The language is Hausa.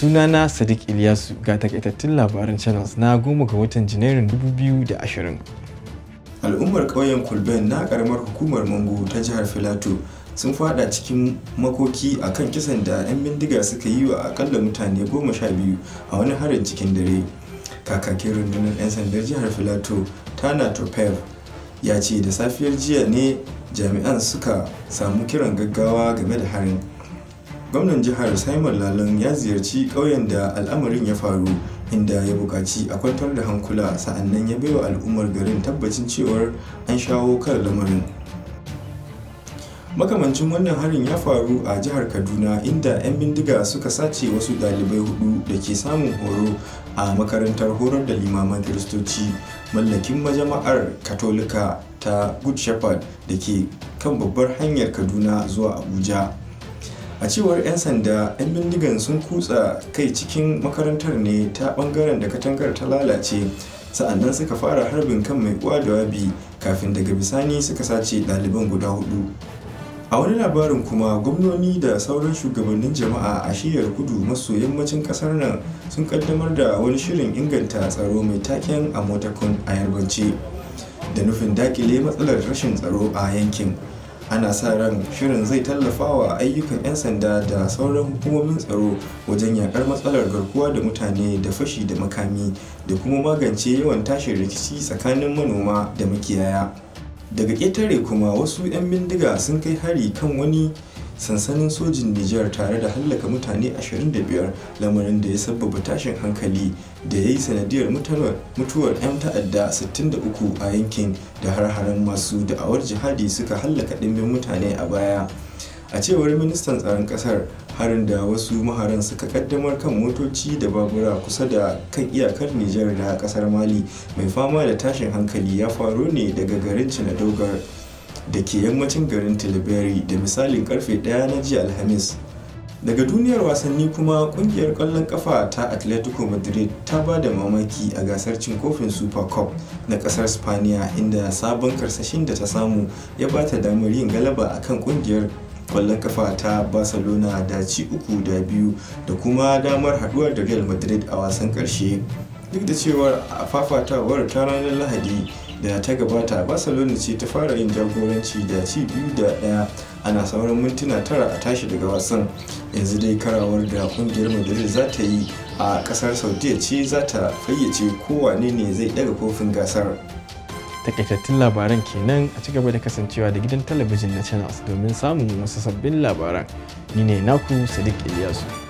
sunana sadiq ilyasu ga takaitattun labaran channels na goma ga watan janairun 2020 al'ummar ƙauyen kulben na ƙaramar hukumar mangu ta jihar filato sun fada cikin makoki a kan kisan da 'yan bindiga suka yi wa akalla mutane goma sha biyu a wani harin cikin dare kakakin rundunar 'yan sandar jihar filato tana topev ya ce da safiyar jiya ne jami'an suka samu kiran gaggawa game da harin gwamnan jihar simon lalon ya ziyarci ƙauyen da al'amarin ya faru inda ya buƙaci a kwantar da hankula sa'annan ya baiwa al'ummar garin tabbacin cewar an shawo kan lamarin makamancin wannan harin ya faru a jihar kaduna inda 'yan bindiga suka sace wasu dalibai hudu da ke samun horo a makarantar horar da limaman kiristoci mallakin majama'ar katolika ta good shepherd da ke kan babbar hanyar kaduna zuwa abuja a cewar 'yan sanda 'yan bindigan sun kutsa kai cikin makarantar ne ta bangaren da katangar ta lalace sa'annan suka fara harbin kan mai uwa da wabi kafin daga bisani suka sace ɗaliban guda hudu a wani labarin kuma gwamnoni da sauran shugabannin jama'a a shiyar kudu maso yammacin kasar nan sun kaddamar da wani shirin inganta tsaro mai taken a motakon a yarbance da nufin dakile matsalar rashin tsaro a yankin ana sa ran shirin zai tallafa wa ayyukan 'yan sanda da sauran hukumomin tsaro wajen yakar matsalar garkuwa da mutane da fashi da makami da kuma magance yawan tashin rikici tsakanin manoma da makiyaya daga ƙetare kuma wasu 'yan bindiga sun kai hari kan wani sansanin sojin Nijar tare da hallaka mutane 25 lamarin da ya sabbaba tashin hankali da ya yi sanadiyar mutuwar 'yan ta'adda 63 a yankin da har-haren masu da'awar jihadi suka hallaka ɗimbin mutane a baya. a cewar ministan tsaron kasar harin da wasu maharan suka kaddamar kan motoci da babura kusa da kan iyakar nijar da kasar mali mai fama da tashin hankali ya faru ne daga garin cinadogar da ke yammacin garin tilbury da misalin karfe 1 na jiya alhamis daga duniyar wasanni kuma kungiyar kwallon kafa ta atletico madrid ta ba da mamaki a gasar cin kofin super cup na kasar spaniya inda sabon karsashin da ta samu ya ba ta damar yin galaba a kan kungiyar kwallon kafa ta barcelona da ci uku da biyu da kuma damar haduwar da real madrid a wasan karshe duk da cewar a fafatawar ta ranar lahadi da ta gabata barcelona ce ta fara yin jagoranci da ci biyu da daya ana sauran mintuna tara a tashi daga wasan yanzu dai karawar da kungiyar madrid za ta yi a kasar saudiya ce za ta fayyace kowane ne zai daga kofin gasar takaitattun labaran kenan a ci gaba da kasancewa da gidan talabijin na channels domin samun wasu sabbin labaran ni ne naku sadiq ilyasu